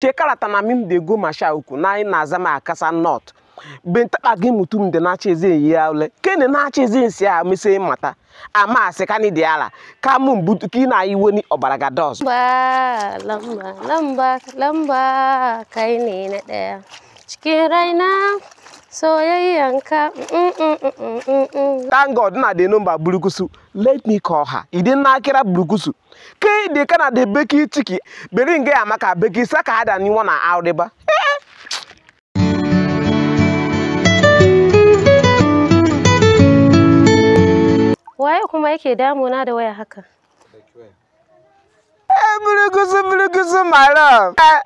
chekarata na mim dey go masha uku na na zama akasa north gị gi m dị na cheze ya ule kene na cheze nsi a mese mata ama ase kani dị ala ka mu mbutu ị na iwe ni obaraga dos ba lamba lamba lamba na cikin raina soyayyanka thank god na the number burukusu let me call her ịdị kira burukusu ka ịdị kana na beki chiki beri nga ya maka beki saka ha da n'iwọ na auriba waye kuma yake damuna da waya haka eh burukusu burukusu my love eh.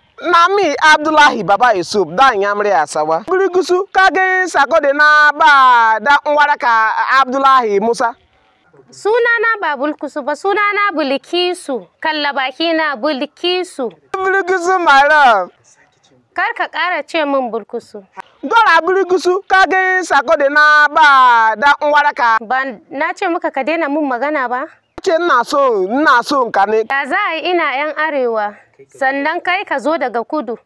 mi Abdullahi Baba Yusuf dan Yamri Asawa. Birigusu sako sakode na ba da waraka Abdullahi Musa. Suna na ba bulkusu ba suna na bulkisu kalla baki na bulkisu. Bulkisu mara Kar ka kara ce min bulkusu. Dora bulkisu sako sakode na ba da waraka. Ban na ce maka ka dena mun magana ba. ce ina so ina so ka kane. Ya za a ina yan arewa sannan kai ka zo daga kudu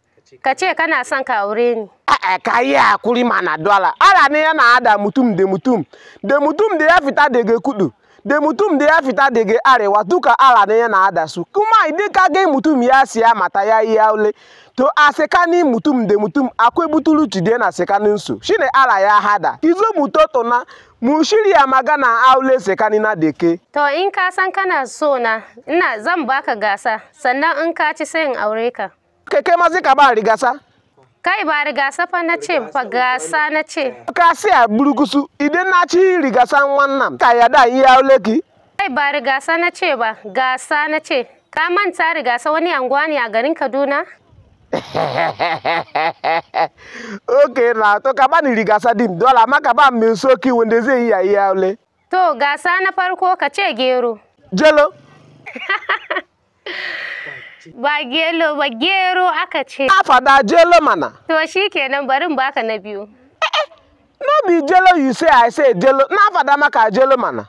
ka ce kana son ka aure ni. A'a ka yi hakuri na dola. Ara ne yana hada mutum da mutum da mutum da ya fita daga kudu. de mutum de ya fita de gị arịwa duka ala na ya na-adasu kumai dịka gị mutum ya si amata ya ihe ole to asekani mutum de mutum akwebutulu chide na sekani nso shine ala ya hada izo mutoto na mushiri ya magana aule sekani na deke to in ka san kana so na ina zan baka gasa sannan in ka ci sai aure ka keke mazi ka ba rigasa Kai ba rigasa fa na ce fa gasa na ce. Kasi a burgusu idan na ci rigasan wannan ka da iya leki. Kai ba rigasa na ce ba gasa na ce. Ka manta rigasa wani anguwa ne a garin Kaduna? ok na to ka bani rigasa din dole amma ka ba min soki wanda zai iya iya aure. To gasa na farko ka ce gero. Jelo. Ba gelo ba gero aka ce. A fada jelo mana. To shi kenan barin baka na biyu. Eh, eh, no be jelo you say I say jelo. Na fada maka jelo mana.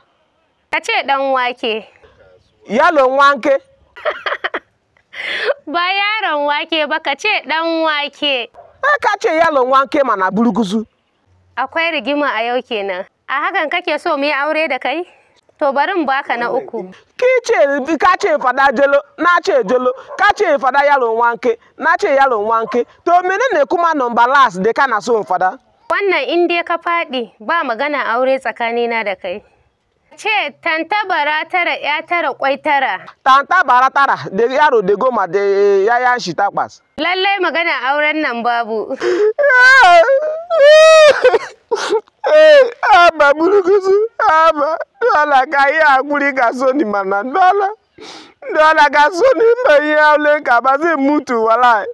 Ka ce dan wake. Yalo wanke. ba yaron wake ba ka ce dan wake. Eh, ka ce yalo wanke mana burguzu. Akwai rigima a yau kenan. A hakan kake so mu yi aure da kai? To bari baka na uku. Ki ce ka ce fada jelo na ce jelo ka ce fada yaro wanke na ce yaro wanke to menene kuma number last da kana so fada? Wannan in dai ka faɗi ba magana aure tsakanina da kai. ce tantabara tara ya tara kwai tara. Tantabara tara da yaro da goma da yayan shi takwas. Lallai magana auren nan babu. Amma burukutu. haba dọla ka ihe a kwuri soni mana dọla dọla ka soni mba ihe ole ka bazi mutu walai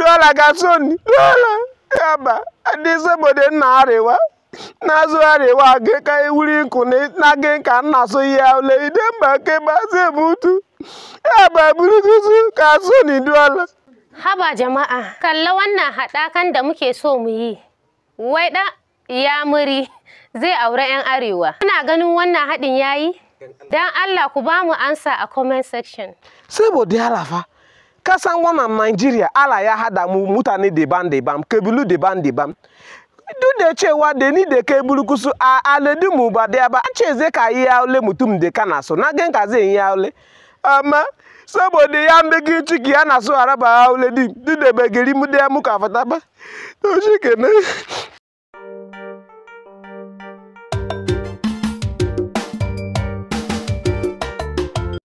dọla ka soni dọla haba ndị isi obodo nna arịwa na-azụgharịwa gị ka ewuri nkụ na gị ka nna so ihe ole ide mba ke bazi mutu haba buruguzu ka soni dọla haba jama'a kalla wannan haɗakan da muke so mu yi wai ɗan ya muri zai aure 'yan Arewa. Kuna ganin wannan haɗin yayi? dan Allah ku ba mu ansa a comment section. Saboda ya fa, ka san wannan Nigeria Allah ya hada mu mutane daban-daban, kabilu daban-daban. Duk da cewa da ni da kai burkusu a aladu mu ba daya ba, an ce zai ka yi yaule mutum da kana so, na gan ka zai yi Amma saboda ya mbegi ciki yana so a raba yaule din, duk da bai gari mu daya muka fata ba. To shi kenan.